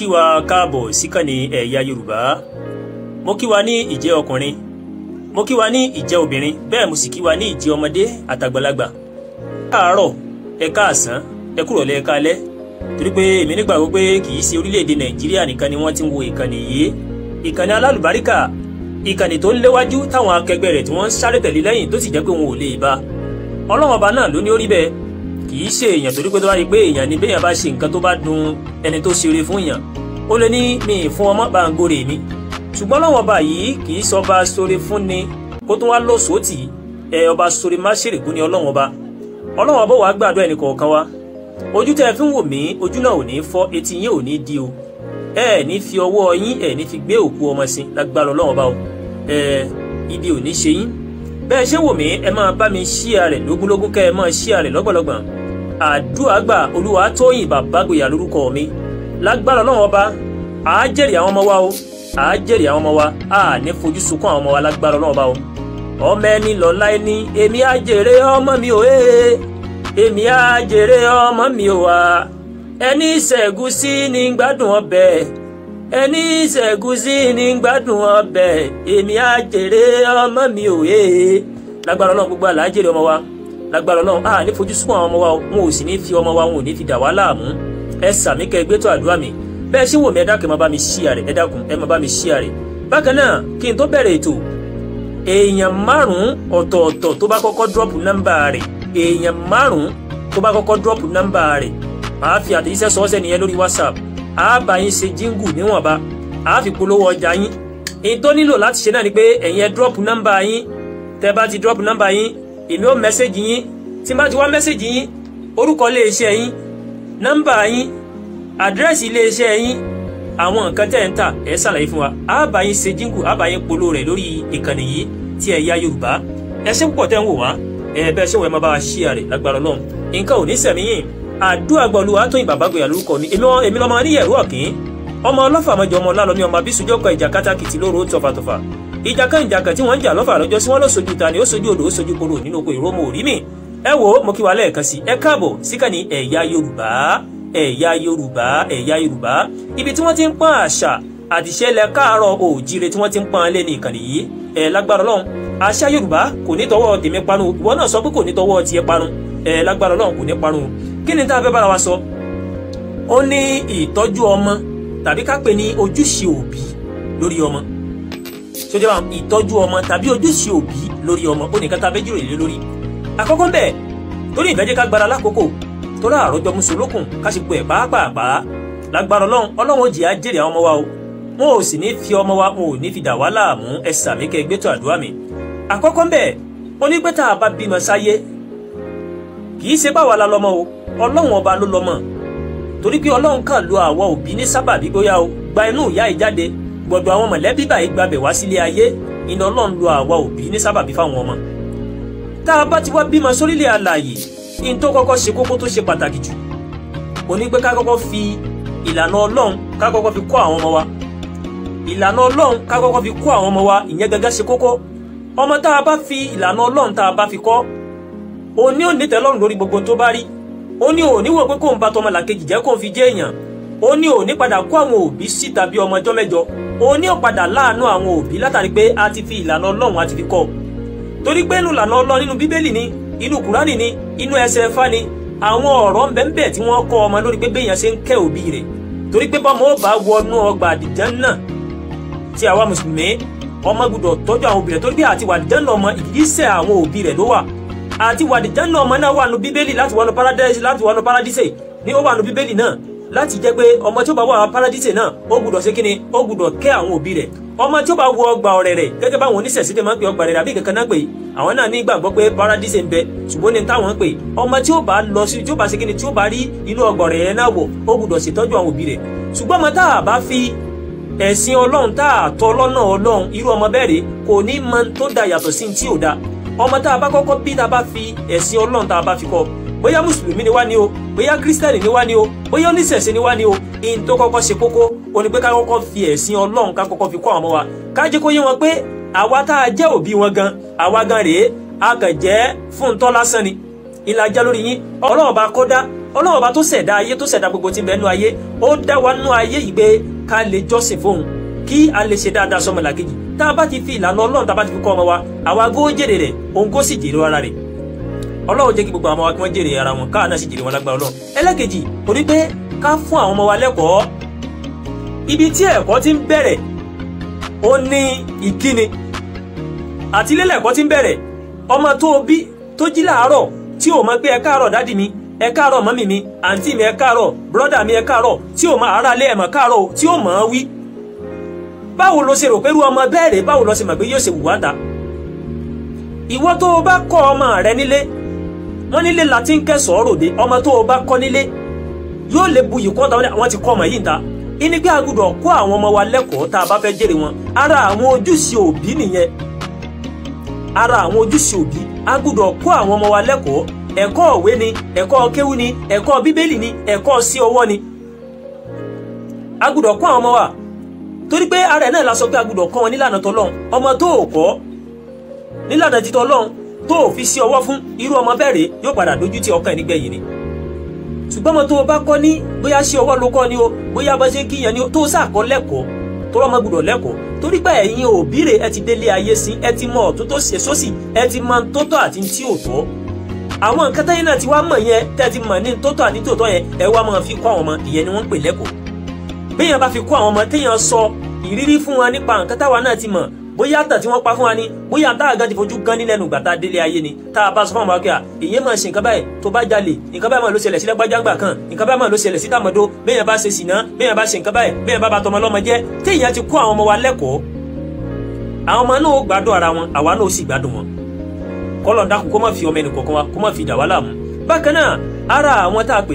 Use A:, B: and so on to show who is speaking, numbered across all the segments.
A: kí wa káàbọ̀ síkànnì ẹ̀yà yorùbá mo kí wa ní ìjẹ́ ọkùnrin mo kí wa ní ìjẹ́ obìnrin bẹ́ẹ̀ mo sì kí wa ní ìjẹ́ ọmọdé àtàgbàlagbà káàárọ̀ ẹ káàsán ẹ kúrọ̀lẹ́ ẹ káalẹ́ torí pé èmi nígbàgbọ́ pé kì í ṣe orílẹ̀-èdè nàìjíríà nìkan ni wọ́n ti ń wo ìkànnì yìí ìkànnì alálùbáríkà ìkànnì tó ń léwájú táwọn akẹgbẹ́ rẹ̀ tí wọ́n ń sáré tẹ̀lé lẹ́yìn tó sì jẹ́ pé wọn ò lè bá ọlọ́run ọba náà ló ó rí bẹ́ẹ̀ kì í ṣe èèyàn torí pé tó bá rí pé èèyàn ni béèyàn bá ṣe nǹkan tó bá dùn ẹni tó ṣeré fún èèyàn ó lè ní mi ì fún ọmọ bá ń mi ṣùgbọ́n lọ́wọ́ ọba yìí kì í sọ ọba sórí fún ni kó tún wá lọ́sọ̀ọ́ tì ẹ ọba sórí má ṣèrègún ní ọlọ́wọ́n ọba ọlọ́wọ́n ọba wàá gbàdúrà ẹnì kọ̀ọ̀kan wa ojú tẹ́ fi ń wò mí ojú náà ò ní fọ́ etí yín ò ní di o ẹ ẹ ní fi ọwọ́ yín ẹ ní fi gbé òkú ọmọ sí lágbára ọlọ́wọ́n ọba o ẹ ibi ò ní ṣe yín bẹ́ẹ̀ ṣé wò mí ẹ máa bá mi ṣíà rẹ̀ lógúnlógún kẹ́ ẹ máa ṣíà rẹ̀ lọ́gbọ̀lọ́gbọ̀n àdúrà gbà olúwa tóyìn bàbágboyà lórúkọ mi lágbára ọlọ́run ọba àá jèrè àwọn ọmọ wa o àá àwọn ọmọ wa a ní fojú sunkún àwọn ọmọ wa lágbára ọlọ́run ọba o ọmọ ẹni lọ́la ẹni èmi á jèrè ọmọ mi o ee èmi á jèrè ọmọ mi o wa ẹni ṣẹ̀gùn sí ni gbádùn ọbẹ̀ ẹni ṣẹ̀gùn sí ni gbádùn ọbẹ̀ èmi á ọmọ mi o lágbára ọlọ́run gbogbo àlá ọmọ wa lágbára ọlọ́run a ní fojú sún àwọn ọmọ wa wọn ò sì ní fi ọmọ wa wọn ò ní fi dà wá láàmú ẹ sàmí kẹ gbé tó àdúrà mi bẹ́ẹ̀ ṣé wò mí ẹ dákun ẹ má bá mi ṣí àrẹ ẹ dákun ẹ má bá mi ṣí àrẹ bákan náà kí n tó bẹ̀rẹ̀ ètò èèyàn márùn-ún ọ̀tọ̀ọ̀tọ̀ tó bá kọ́kọ́ dírọ́pù nọ́mbà rẹ̀ èèyàn márùn-ún tó bá kọ́kọ́ dírọ́pù nọ́mbà rẹ̀ màá fi àtẹ̀jíṣẹ́ sọ́ọ́sẹ́ nìyẹn lórí whatsapp àá bá yín ṣe jíngù níwọ̀nba àá fi polówó ọjà yín èyí tó nílò láti ṣe náà ni pé ẹ̀yin ẹ dírọ́pù nọ́mbà yín tẹ́ bá ti dírọ́pù nọ́mbà yín èmi ó mẹ́sẹ̀gì yín tí n bá ti wá mẹ́sẹ̀gì yín orúkọ iléeṣẹ́ yín nọ́mbà yín àdírẹ́sì iléeṣẹ́ yín àwọn nǹkan tẹ́ ń tà ẹ̀ ṣàlàyé fún wa a bá yín ṣe jíǹkù a bá yín polo rẹ̀ lórí ìkànnì yìí tí Ẹ̀yà Yorùbá ẹ ṣé púpọ̀ tẹ́ ń wò wá ẹ bẹ́ẹ̀ ṣé wọ́n máa bá wa ṣí àrẹ̀ lágbára Ọlọ́run nǹkan ò ní sẹ̀míyìn àdúrà gbọ̀lù àtúnyìn bàbá gbòyà lórúkọ mi èmi lọ́mọ níyẹ̀rú ọ̀kìn ọmọ ọlọ́fà mọ́jọ ọmọ ọlálọ́mí ọmọ abísùjọ́kọ̀ ìjà kátàkìtì lóru tọfàtọfà ìjàkánìjàkàn tí wọ́n ń jà lọ́fà lọ́jọ́ sí wọ́n lọ sojú ta ni ó sojú odò ó sojú koro nínú oko ìrómò orí mi ẹ wo mo kí wa lẹ́ẹ̀kan sí ẹ káàbọ̀ síkà ní ẹ̀yà Yorùbá ẹ̀yà Yorùbá ẹ̀yà Yorùbá ibi tí wọ́n ti ń pọ́n àṣà àtìṣẹ́lẹ̀ káàárọ̀ òjíire tí wọ́n ti ń pọ́n lé ní ìkànnì yìí ẹ lágbára Ọlọ́run àṣà Yorùbá kò ní tọwọ́ tèmi panu ìwọ náà sọ pé kò ní tọwọ́ tiẹ̀ panu ẹ lágbára Ọlọ́run kò ní panu kí ni tá a fẹ́ bára wa sọ ó ní ìtọ́jú ọmọ tàbí ká pè ní ojúṣe òbí lórí ọmọ tó jẹ́ báwọn ìtọ́jú ọmọ tàbí ojúṣe òbí lórí ọmọ ó nìkan tá a fẹ́ jíròrò lé lórí. àkọ́kọ́ bẹ́ẹ̀ torí ìfẹ́jẹ́ ká gbára lákòókò tó rà àròjọ mùsùlùkùn ká sì pè pàápàá lágbára ọlọ́run ọlọ́run ó jìyà jèrè àwọn ọmọ wa o wọn ò sì ní fi ọmọ wa wọn ò ní fi dà wá láàmú ẹ sàmí kẹ gbé tó àdúrà mi. àkọ́kọ́ bẹ́ẹ̀ onígbẹ́ta àbá bímọ sáyé kì í ṣe báwa la lọ́mọ o ọlọ́run ọba ló lọ́mọ torí pé ọlọ́run kàn lo àwa òbí ní sábàbí bóyá o gba inú ìyá ìjáde gbogbo àwọn mọ̀lẹ́bí báyìí gbabẹ̀ wá sílé ayé iná ọlọ́run lo àwa òbí ní sábàbí fáwọn ọmọ tá a bá ti wá bímọ sórílẹ̀ àlàyé in tó kọ́kọ́ ṣe kókó tó ṣe pàtàkì jù kò ní pé ká kọ́kọ́ fi ìlànà ọlọ́run ká kọ́kọ́ fi kọ́ àwọn ọmọ wa ìlànà ọlọ́run ká kọ́kọ́ fi kọ́ àwọn ọmọ wa ìyẹn gẹ́gẹ́ ṣe kókó ọmọ tá a bá fi ìlànà ọlọ́run tá a bá fi kọ́ òní ò ní tẹ́lọ́rùn lórí gbogbo tó bá rí òní ò ní wò pé kóun bá tọmọlàkejì jẹ́ kóun fi jẹ́ èèyàn ó ní òní padà kó àwọn òbí síta bí ọmọ ọjọ́ mẹ́jọ ó ní òpadà láàánú àwọn òbí látàrí pé a ti fi ìlànà ọlọ́run a ti fi kọ́ torí pé inú ìlànà ọlọ́run nínú bíbélì ni inú kùránì ni inú ẹsẹ̀ ẹ̀fà ni àwọn ọ̀rọ̀ ń bẹ́ẹ̀ bẹ́ẹ̀ tí wọ́n kọ́ ọmọ lórí pé béèyàn ṣe ń kẹ́ òbí rẹ̀ torí pé bọ́mọ ó bá wọnú ọgbà àdìjẹ́ náà tí àwa mùsùlùmí ọmọ gbọ́dọ̀ tọ́jú àwọn òbí rẹ̀ torí pé àti wàdìjẹ́ náà ọmọ ìgbésẹ̀ àwọn òbí rẹ̀ ló wà àti wàdìjẹ́ náà ọmọ náà wà nù bíbélì láti wọnú paradise láti wọnú paradise ni ó wà nù bíbélì náà láti jẹ́ pé ọmọ tí ó bá wà paradise náà ó gbúdọ̀ ṣe kíni ó gbúdọ̀ kẹ́ àwọn òbí rẹ̀ ọmọ tí ó bá wọ ọgbà ọ̀rẹ́ rẹ̀ gẹ́gẹ́ báwọn oníṣẹ̀ṣídẹ̀ máa ń pè ọgbà rẹ̀ àbí kankan náà pè àwọn náà ní ìgbàgbọ́ pé paradise ń bẹ ṣùgbọ́n ní táwọn ń pè ọmọ tí ó bá lọ sí tí ó bá ṣe kíni tí ó bá rí inú ọgbà ọ̀rẹ́ rẹ̀ náà wọ̀ ó gbúdọ̀ ṣètọ́jú àwọn òbí rẹ̀ ṣùgbọ́n ọmọ tá a bá fi ẹ̀sìn ọlọ́run tá tọ́ lọ́nà ọlọ́run irú ọmọ bẹ́ẹ̀ kò ní mọ tó da yàtọ̀ sí ti ò da ọmọ tá bá kọ́kọ́ bí tá bá fi ẹ̀sìn ọlọ́run tá bá fi kọ́ bóyá mùsùlùmí ni wá ní o bóyá kírísítẹ́nì ni wá ní o bóyá oníṣẹ̀ṣe ni wá ní o ihun tó kọ́kọ́ ṣe kókó o ní pé ká kọ́kọ́ fi ẹ̀sìn ọlọ́run ká kọ́kọ́ fi kọ́ àwọn ọmọ wa ká jẹ́ kó yé wọn pé àwa tá a jẹ́ òbí wọn gan àwa gan rèé a kàn jẹ́ fún tọ́ lásán ni ìlàjà lórí yín ọlọ́run bá kó dá ọlọ́run bá tó ṣẹ̀dá ayé tó ṣẹ̀dá gbogbo tí ń bẹ nú ayé ó dá wa nú ayé ìgbé ká lè jọ́sìn fóun kí a lè ṣe dáadáa sọmọlàkejì tá a bá ti fi ìlànà ọlọ́run tá a bá ti fi kọ́ ọmọ wa àwa góójèrè rẹ̀ òun kó sì jèrè ara rẹ̀ ọlọ́run jẹ́ kí gbogbo àwọn ọmọ wa kí wọ́n jèrè ara wọn káà náà sì jèrè wọn lágbára ọlọ́run ẹlẹ́kejì kò ní pé ká fún àwọn ọmọ wa lẹ́kọ̀ọ́ ibi tí ẹ̀kọ́ ti ń bẹ̀rẹ̀ ó ní ìkíni àti ilé lẹ́kọ̀ọ́ ti ń bẹ̀rẹ̀ ọmọ tó o bí tó jí láàárọ̀ tí o mọ̀ pé ẹ káàárọ̀ dádì mi ẹ káàárọ̀ mọ́mì mi àǹtí mi ẹ káàárọ̀ bùrọ́dà mi ẹ káàárọ̀ tí o mọ̀ aráalé ẹ mọ̀ káàárọ̀ tí o mọ̀ ọ́ wí báwo lo ṣe rò pé irú ọmọ bẹ́ẹ̀ rè báwo lo ṣe mọ̀ pé yóò ṣe wùwá ta ìwọ tó o bá kọ́ ọmọ rẹ nílé wọ́n nílé latin kẹsàn-án ròde ọmọ tó o bá kọ́ nílé yóò lè buyì ti kọ́ ọmọ yìí ta ìní pé a gbọ́dọ̀ àwọn ọmọ wa lẹ́kọ̀ọ́ tá a bá fẹ́ jèrè wọn ara àwọn ojúṣe òbí nìyẹn ara àwọn ojúṣe òbí a gbọ́dọ̀ àwọn ọmọ wa lẹ́kọ̀ọ́ ẹ̀kọ́ òwe ni ẹ̀kọ́ kéwú ni ẹ̀kọ́ bíbélì ni ẹ̀kọ́ ara ẹ̀ náà la sọ pé kọ́ wọn nílànà ọmọ tó o fi sí ọwọ́ fún irú ọmọ bẹ́ẹ̀ rèé yóò padà dojú ti ọkàn nígbẹ̀yìn ni ṣùgbọ́n ọmọ tó o bá kọ́ ní bóyá sí ọwọ́ ló kọ́ ni o bóyá bá ṣe kíyàn ni o tó o sàkọ́ lẹ́kọ̀ọ́ tó rọ́mọ gbọ́dọ̀ lẹ́kọ̀ọ́ torí pé ẹ̀yin òbí rẹ̀ ẹ ti délé ayé sí ẹ ti mọ ọ̀tún tó ṣe sósì ẹ ti mọ tó tọ́ àti tí ò tọ́ àwọn nǹkan tẹ́yìn náà ti wá mọ̀ yẹn tẹ́ ti mọ̀ ní tó tọ́ àti tó tọ́ yẹn ẹ wá máa fi kọ́ àwọn ọmọ ìyẹn ni wọ́n ń pè lẹ́kọ̀ọ́ béèyàn bá fi kọ́ àwọn ọmọ téèyàn sọ ìrírí fún wọn nípa nǹkan táwa náà ti mọ̀ bóyá tàn tí wọ́n pa fún wa ni bóyá tá a gan ti fojú gan nílẹ̀ nùgbà tá a délé ayé ni tá a bá sọ fún àwọn akẹ́yà èyí máa ṣe nǹkan báyìí tó bá jalè nǹkan báyìí máa ló ṣẹlẹ̀ sí lágbájágbà kan nǹkan báyìí máa ló ṣẹlẹ̀ sí tàmọ́dó bẹ́ẹ̀ bá ṣe sìnà bẹ́ẹ̀ bá ṣe nǹkan báyìí bẹ́ẹ̀ bá ba tọmọ lọ́mọ jẹ́ téèyàn ti kó àwọn ọmọ wa lẹ́kọ̀ọ́ àwọn ọmọ náà ó gbádùn ara wọn àwa náà ó sì gbádùn wọn kọ́lọ̀ dákun kó má fi ọmọ ẹnìkọ̀ọ̀kan wa kó má fi dà wá láàmú bákan náà ara àwọn a pè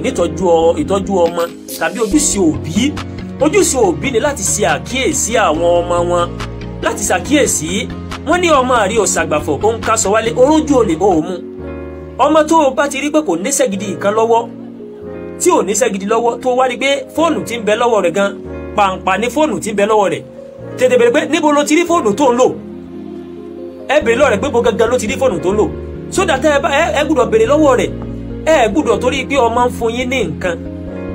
A: wọn láti ṣàkíyèsí wọ́n ní ọmọ àrí ọ̀sàgbàfọ̀ ó ń ká sọ wálé orójú olè ó mú ọmọ tó o bá ti rí pé kò níṣẹ́ gidi kan lọ́wọ́ tí ò níṣẹ́ gidi lọ́wọ́ tó wá rí pé fóònù ti ń bẹ lọ́wọ́ rẹ̀ gan pàǹpà ní fóònù ti ń bẹ lọ́wọ́ rẹ̀ tètè bèrè pé níbo ló ti rí fóònù tó ń lò ẹ bèrè lọ́wọ́ rẹ̀ pé bo gangan ló ti rí fóònù tó ń lò sódà tẹ ẹ gbúdọ̀ bèrè lọ́wọ́ rẹ̀ ẹ gbúdọ̀ torí pé ọmọ ń fún yín ní nǹkan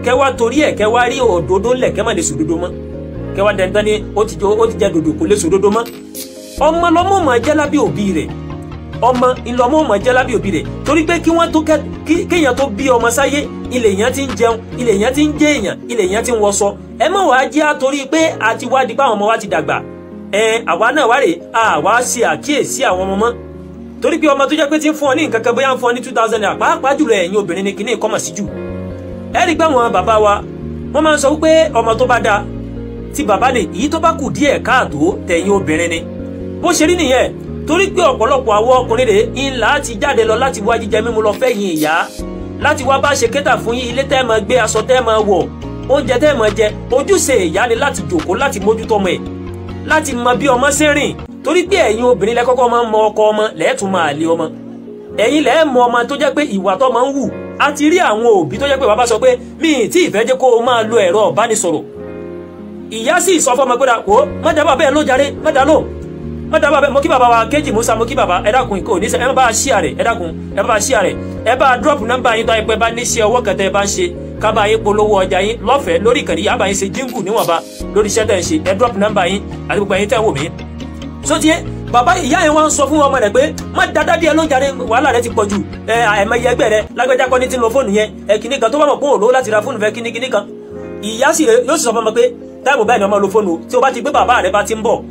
A: kẹ wá torí ẹ kẹ wá rí òdodo ńlẹ̀ kẹ má lè sòdodo mọ́ kẹwàá dẹ̀ntàn ni ó ti jẹ dòdò kò lè sòdodo mọ́ ọmọ lọ́mọ mọ̀ jẹ́ lábẹ́ òbí rẹ̀ ọmọ ìlọmọ mọ̀ jẹ́ lábẹ́ òbí rẹ̀ torí pé kí wọ́n tó kéèyàn tó bí ọmọ sáyé ilẹ̀ èèyàn ti ń jẹun ilẹ̀ èèyàn ti ń jẹ èèyàn ilẹ̀ èèyàn ti ń wọṣọ ẹ mọ̀ wá jẹ́ àtorí pé àti wá di pé àwọn ọmọ wa ti dàgbà ẹ àwa náà wá rè àwa ṣe àkíyèsí àwọn ọmọ mọ́ torí pé ọmọ tó jẹ́ pé ti ń fún ọ ní nǹkan kan bóyá ń fún ọ ní two thousand naira pàápàá jùlọ ẹ̀yin obìnrin ni kìíní kọ́mọ̀ sí jù ẹ rí i pé àwọn bàbá wa wọ́n máa ń sọ wípé ọmọ tó bá dáa ti bàbá ni èyí tó bá kù díẹ̀ káàtó tẹ̀yìn obìnrin ni bó ṣe rí nìyẹn torí pé ọ̀pọ̀lọpọ̀ àwọn ọkùnrin rèé ńlá ti jáde lọ láti wá jíjẹ mímu lọ fẹ́ yin ìyá láti wá bá ṣe kéta fún yín ilé tẹ́ máa gbé aṣọ tẹ́ máa wọ̀ oúnjẹ tẹ́ máa jẹ ojúṣe ìyá ni láti jòkó láti mójútó ọmọ ẹ̀ láti mọ bí ọmọ ṣe rìn torí pé ẹ̀yin obìnrin lẹ kọ́kọ́ máa ń mọ ọkọ ọmọ lẹ́ẹ̀tún máa lé ọmọ ẹ̀yin lẹ́ẹ̀ mọ ọmọ tó jẹ́ pé ìwà tó máa ń wù a ti rí àwọn òbí tó jẹ́ pé bàbá sọ pé mi ì tí ì fẹ́ jẹ́ kó o máa lo ẹ̀rọ ọ̀bánisọ̀rọ̀ ìyá sì sọ fọmọ pé wo má dábàá bẹ́ẹ̀ ló jàre má dá lò má dábàá bẹ́ẹ̀ mo kí bàbá wa kéjì musa mo kí bàbá ẹ dákun ìkó oníṣẹ́ ẹ má bá a ṣíà rẹ̀ ẹ má bá a ṣíà ẹ bá a drop yín tó ayé pé bá ní ṣe ọwọ́ kẹtẹ bá ń ṣe ká bá yín polówó ọjà yín lọ́fẹ̀ẹ́ lórí ìkànnì yàrá bá yín ṣe jíngù níwọ̀nba lórí iṣẹ́ tẹ̀ ń ṣe ẹ drop nọ́mbà yín àti gbogbo ẹ̀yin tẹ̀ wò mí. sotie bàbá ìyá yẹn wá sọ fún ọmọ rẹ pé má dada díẹ̀ ló ń jàre wàhálà rẹ ti pọ̀ jù ẹ àìmọye ẹgbẹ́ rẹ lágbẹjà ní ti lo fóònù yẹn ẹ kìnnìkan tó bá mọ pé láti ra fóònù fẹ kìnnìkìnnì ìyá sì yóò sọ fún ọmọ pé táìmù báyìí ni ọmọ lo fóònù tí o bá ti gbé bàbá rẹ bá ti ń bọ̀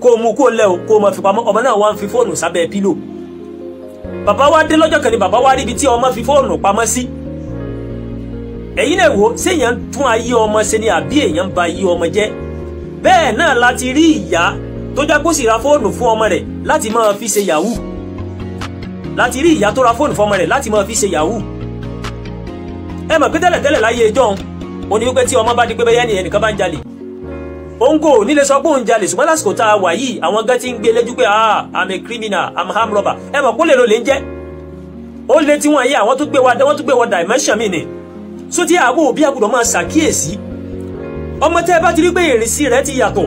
A: kó o mú kó o lẹ o kó o mọ fi pamọ́ ọmọ náà wá fi fóònù sábẹ́ pílò bàbá wa dé lọ́jọ́ kan ni bàbá wa rí ibi tí ọmọ fi fóònù pamọ́ sí ẹ̀yin náà wò séèyàn tún ayé ọmọ ṣe ni àbí èèyàn ba ayé ọmọ jẹ́ bẹ́ẹ̀ náà láti rí ìyá tó já kó sì ra fóònù fún ọmọ rẹ̀ láti máa fi ṣe yahoo láti rí ìyá tó ra fóònù fún ọmọ rẹ̀ láti máa fi ṣe yahoo ẹ mọ̀ pé tẹ́lẹ̀tẹ́lẹ̀ láyé ẹjọ́ òun ò ní wípé tí ọmọ bá di pé bẹ́yẹ́ nìyẹn nìkan bá ń jalè ongo nílé sọ pé òun jalè ṣùgbọ́n lásìkò tá a wà yìí àwọn gan ti ń gbé lẹ́jú pé ah i'm a criminal i'm a armed robber ẹ mọ̀ kó lè lo lè ń jẹ́ ó lé tí wọ́n yé àwọn tó gbé wa wọ́n tó gbé wa dimension mi ni so tí àwọ̀ òbí àgùdọ̀ máa ṣàkíyèsí ọmọ tẹ́ ẹ bá ti rí pé ìrìnsí rẹ ti yàtọ̀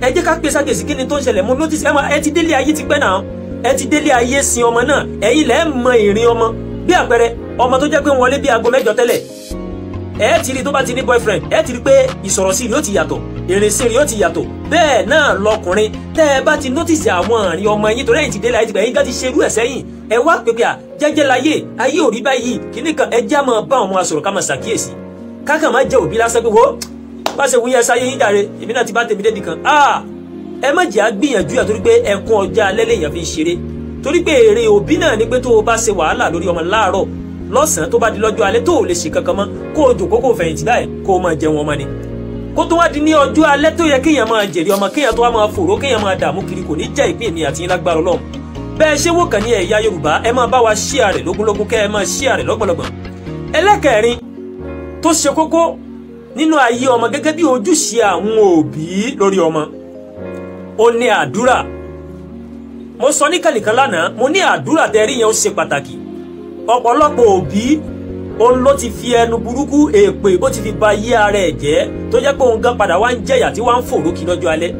A: ẹ jẹ́ ká pè ṣàkíyèsí kí ni tó ń ṣẹlẹ̀ mo notice ẹ ti délé ayé ti pẹ́ náà ẹ ti délé ayé sin ọmọ náà ẹ̀yin lẹ́ẹ̀ mọ ìrìn ọmọ bí àpẹẹrẹ ọmọ tó jẹ́ pé wọ́n lé bí aago mẹ́jọ tẹ́lẹ̀ ẹ ti rí tó bá ti ní boyfriend ẹ ti rí pé ìsọ̀rọ̀ sí ni ó ti yàtọ̀ ìrìnsẹ̀ rẹ̀ yóò ti yàtọ̀ bẹ́ẹ̀ náà lọkùnrin tẹ́ ẹ bá ti nọ́tìsì àwọn àrìn ọmọ yín torí ẹ̀yìn ti dé láyé tìgbà yín gá ti ṣerú ẹ̀ sẹ́yìn ẹ wá pépé à jẹ́jẹ́ láyé ayé ò rí báyìí kíní kan ẹ já máa bá ọmọ asọ̀rọ̀ ká máa ṣàkíyèsí kákan máa jẹ́ òbí lásán pé wo bá ṣe wúyẹ sáyé yín jàre èmi náà ti bá tèmi débi kan ẹ má jẹ́ àgbìyànjú yà torí pé ẹkún ọjà alẹ́ lèèyàn fi ń ṣeré torí pé èrè òbí o bá ṣe wàhálà lórí ọmọ láàárọ̀ lọ́sàn-án tó bá di lọ́jọ́ alẹ́ tó o lè ṣe kankan mọ́ kó o jòkó kó o fẹ̀yìntì báyìí kó o máa jẹun ọmọ ni kó tó wá di ní ọjọ́ alẹ́ tó yẹ kéèyàn máa jèrè ọmọ kéèyàn tó wá máa fòró kéèyàn máa dààmú kiri kò ní jẹ́ ìpín mi àti yín lágbára Ọlọ́run bẹ́ẹ̀ ṣé wò kàn ní ẹ̀yà Yorùbá ẹ máa bá wa ṣíà rẹ̀ lógúnlógún kẹ́ ẹ máa ṣíà rẹ̀ lọ́gbọ̀lọ́gbọ̀n ẹlẹ́kẹ̀rin tó ṣe kókó nínú ayé ọmọ gẹ́gẹ́ bí ojúṣe àwọn òbí lórí ọmọ ó ní àdúrà mo sọ níkànnìkan lánàá mo ní àdúrà tẹ́rí yẹn ó ṣe pàtàkì ọ̀pọ̀lọpọ̀ òbí òun ló ti fi ẹnu burúkú èèpè ó ti fi ba yí ara ẹ̀ jẹ́ tó jẹ́ pé òun gan padà wá ń jẹ̀yà tí wọ́n ń fòrò kí lọ́jọ́ alẹ́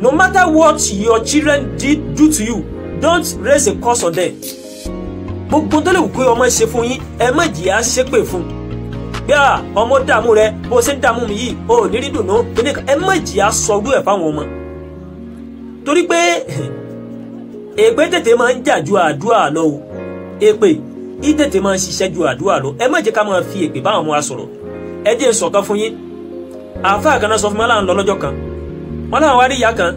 A: no matter what your children did do to you don't raise a curse on them gbogbo tó lè wù pé ọmọ ṣe fún yín ẹ má jìyà ṣépè fún un gbà ọmọ dààmú rẹ bó ṣe ń dààmú mi yìí o ní rí dùnú kíní kan ẹ má jìyà sọdún ẹ fáwọn ọmọ torí pé èpè tètè máa ń jà ju àdúrà lọ o èpè í tètè máa ṣiṣẹ́ ju àdúrà lọ ẹ má jẹ́ ká máa fi èpè báwọn ọmọ wa sọ̀rọ̀ ẹ jẹ́ sọ̀kan fún yín àáfàá kan náà sọ fún mi aláǹlọ lọ́jọ́ kan wọn láwọn wá rí ìyá kan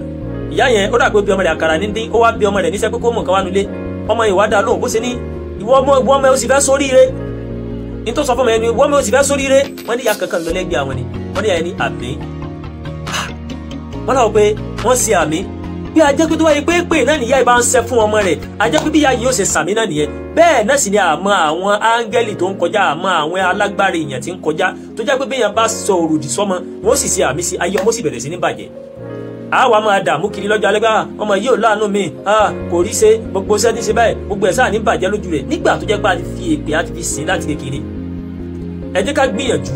A: ìyá yẹn ó dàgbé bí ọmọ rẹ̀ àkàrà ní dín ó wá bí ọmọ rẹ̀ níṣẹ́ pé kó mọ̀ kan wá nulẹ̀ ọmọ yìí wá dá lóhùn bó ṣe ní ìwọ ọmọ ìwọ ọmọ ẹ ó sì fẹ́ sóríire ní tó sọ fún mi ẹni ìwọ ọmọ ẹ ó sì fẹ́ sóríire wọn ní ìyá kankan lọ lẹ́gbẹ̀ẹ́ àwọn ni wọn ní ìyá yẹn ní àmì ah! wọn láwọn pé wọ́n ṣe àmì bí a jẹ́ pé tó wáyé pé pé náà nìyá ìbá ń ṣe fún ọmọ rẹ̀ a jẹ́ pé bí ìyá yìí ó ṣe sàmì náà nìyẹn bẹ́ẹ̀ náà sì ni àmọ́ àwọn áńgẹ́lì tó ń kọjá àmọ́ àwọn alágbára èèyàn tí ń kọjá tó jẹ́ pé bí èèyàn bá sọ òròdì sọ́mọ wọ́n sì ṣe àmì sí ayé ọmọ sì bẹ̀rẹ̀ sí ní bàjẹ́ àwa máa dààmú kiri lọ́jọ́ alẹ́ ah, ọmọ yìí ò láàánú mi ah, kò rí ṣe gbogbo iṣẹ́ ní ṣe báyìí gbogbo ẹ̀ fi èpè a ti fi sìn láti kékeré ẹ jẹ́ ká gbìyànjú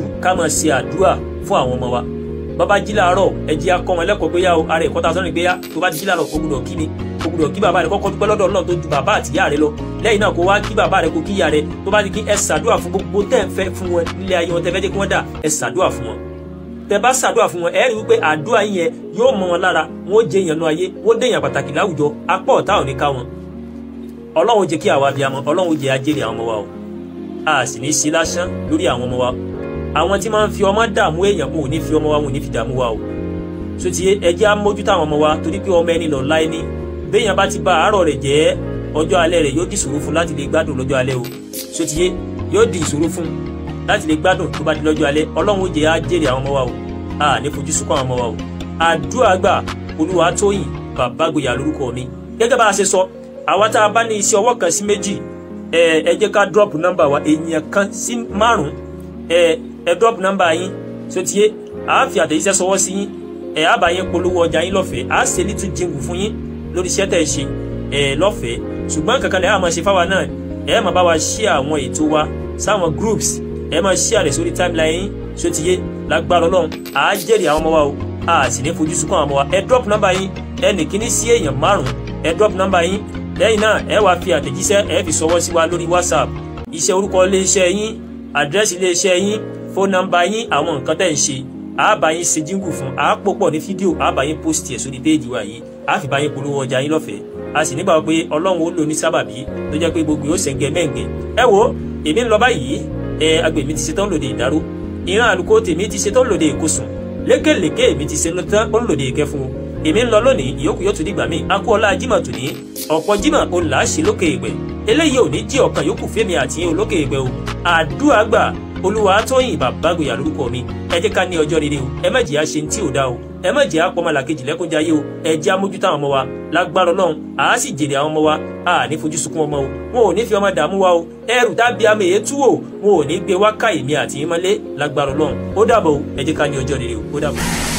A: bàbá jí làárọ̀ ẹ̀jẹ̀ akọ́ wọn lẹ́kọ̀ọ́ gbéyà o ara ẹ̀kọ́ ta sọ́ni gbéyà tó bá ti jí làárọ̀ kó gbúdọ̀ kí ni kó gbúdọ̀ kí bàbá rẹ̀ kọ́kọ́ dúpẹ́ lọ́dọ̀ Ọlọ́run tó ju bàbá àtìyá rẹ̀ lọ lẹ́yìn náà kó wá kí bàbá rẹ̀ kó kí ìyá rẹ̀ tó bá ti kí ẹ ṣàdúrà fún gbogbo tẹ́ ń fẹ́ fún wọn nílé ayé wọn tẹ́ fẹ́ jẹ́ kí wọ́n dà ẹ ṣàdúrà fún wọn tẹ́ bá ṣàdúrà fún wọn ẹ rí wípé àdúrà yẹn yóò mọ wọn lára wọn ó jẹ èèyàn nú ayé wọn ó dé èèyàn pàtàkì láwùjọ apá ọ̀tá ò ní ká wọn Ọlọ́run jẹ́ kí àwa bí amọ̀ Ọlọ́run jẹ́ ajẹ́rìí àwọn ọmọ wa o a sì ní í sí lásán lórí àwọn ọmọ wa àwọn tí máa ń fi ọmọ dààmú èèyàn wọn ní fi ọmọ wa wọn ní fi dààmú wa o so ti ẹjẹ́ á mójútó àwọn ọmọ wa torí pé ọmọ ẹni lọ́la ẹni béèyàn bá ti ba àárọ̀ rẹ̀ jẹ́ ọjọ́ alẹ́ rẹ̀ yóò di ìṣòro fún láti lè gbádùn lọ́jọ́ alẹ́ o so ti yé yóò di ìṣòro fún láti lè gbádùn tó bá di lọ́jọ́ alẹ́ ọlọ́run ó jẹ́ á jèrè àwọn ọmọ wa o a ní fojú sunkún àwọn ọmọ wa o àdúrà gbà olúwa tóyìn bàbá gbòyà lórúkọ mi gẹ́gẹ́ bá a ṣe sọ àwa tá a bá ní iṣẹ́ ọwọ́ kan sí méjì ẹ ẹ jẹ́ ká drop number wa èèyàn kan sí márùn-ún ẹ ẹ drop number yín tó ti yé a fi àtẹ̀jíṣẹ́ sọwọ́ sí yín ẹ̀ á bá yín polówó ọjà yín lọ́fẹ̀ẹ́ a ṣe little jingle fún yín lórí iṣẹ́ tẹ̀ ṣe ẹ̀ lọ́fẹ̀ẹ́ ṣùgbọ́n kankan lẹ́yìn àmọ́ ṣe fáwa náà ẹ̀ máa bá wa share àwọn ètò wa sáwọn groups ẹ̀ máa share rẹ̀ sórí timeline yín tó ti yé lágbára ọlọ́run à á jẹ́rìí àwọn ọmọ wa o à sì ní fojú sunkún àwọn ọmọ wa ẹ drop number yín ẹnì kíní sí èèyàn márùn-ún drop number yín lẹ́yìn náà ẹ wàá fi àtẹ̀jíṣẹ́ ẹ fi sọwọ́ sí wa lórí whatsapp iṣẹ́ orúkọ iléeṣẹ́ yín àdírẹ́sì iléeṣẹ́ fóònù nọ́mbà yín àwọn nǹkan tẹ́ ń ṣe àbá yín ṣe jíngù fún àápòpọ̀ ní fídíò àbá yín post ẹ̀ sórí péèjì wa yìí àfi yín polówó ọjà yín lọ́fẹ̀ẹ́ a sì nígbà pé ọlọ́run ó lò ní sábàbí tó jẹ́ pé gbogbo yóò ṣẹ̀ǹgẹ̀ mẹ́ǹgẹ̀ ẹ wo èmi ń lọ báyìí ẹ agbèmí ti ṣetán lòdì ìdáró ìran àlùkò tèmi ti ṣetán lòdì ìkosùn lékèlékè èmi ti ṣetán ó ń lòdì ìkẹfun èmi ń lọ lónìí ìyókù yóò tún dìgbà mí akú ọlá jimá tù ní ọ̀pọ̀ jimá òun là á ṣe lókè ìpẹ́ eléyìí ò ní jí ọ̀kan yókù fèmí àti olókè ìpẹ́ o àdúrà gbà Olúwatóyìn Bàbágboyà lórúkọ mi ẹ jẹ́ ká ní ọjọ́ rere o ẹ má jìyà ṣe tí ò dá o ẹ má jẹ́ àpọ̀ ọmọlàkejì lẹ́kúnjayé o ẹ jẹ́ amójútó àwọn ọmọ wa lágbára ọlọ́run à á sì jèrè àwọn ọmọ wa à ní fojú sunkún ọmọ o wọn ò ní fi ọmọ dààmú wa o ẹrù tábí àmì ètú o wọn ò ní gbé wákàyèmí àti ìmọ̀lé lágbára ọlọ́run ó dàbọ̀ o ẹ jẹ́ ká ní ọjọ́ rere o ó dàbọ̀.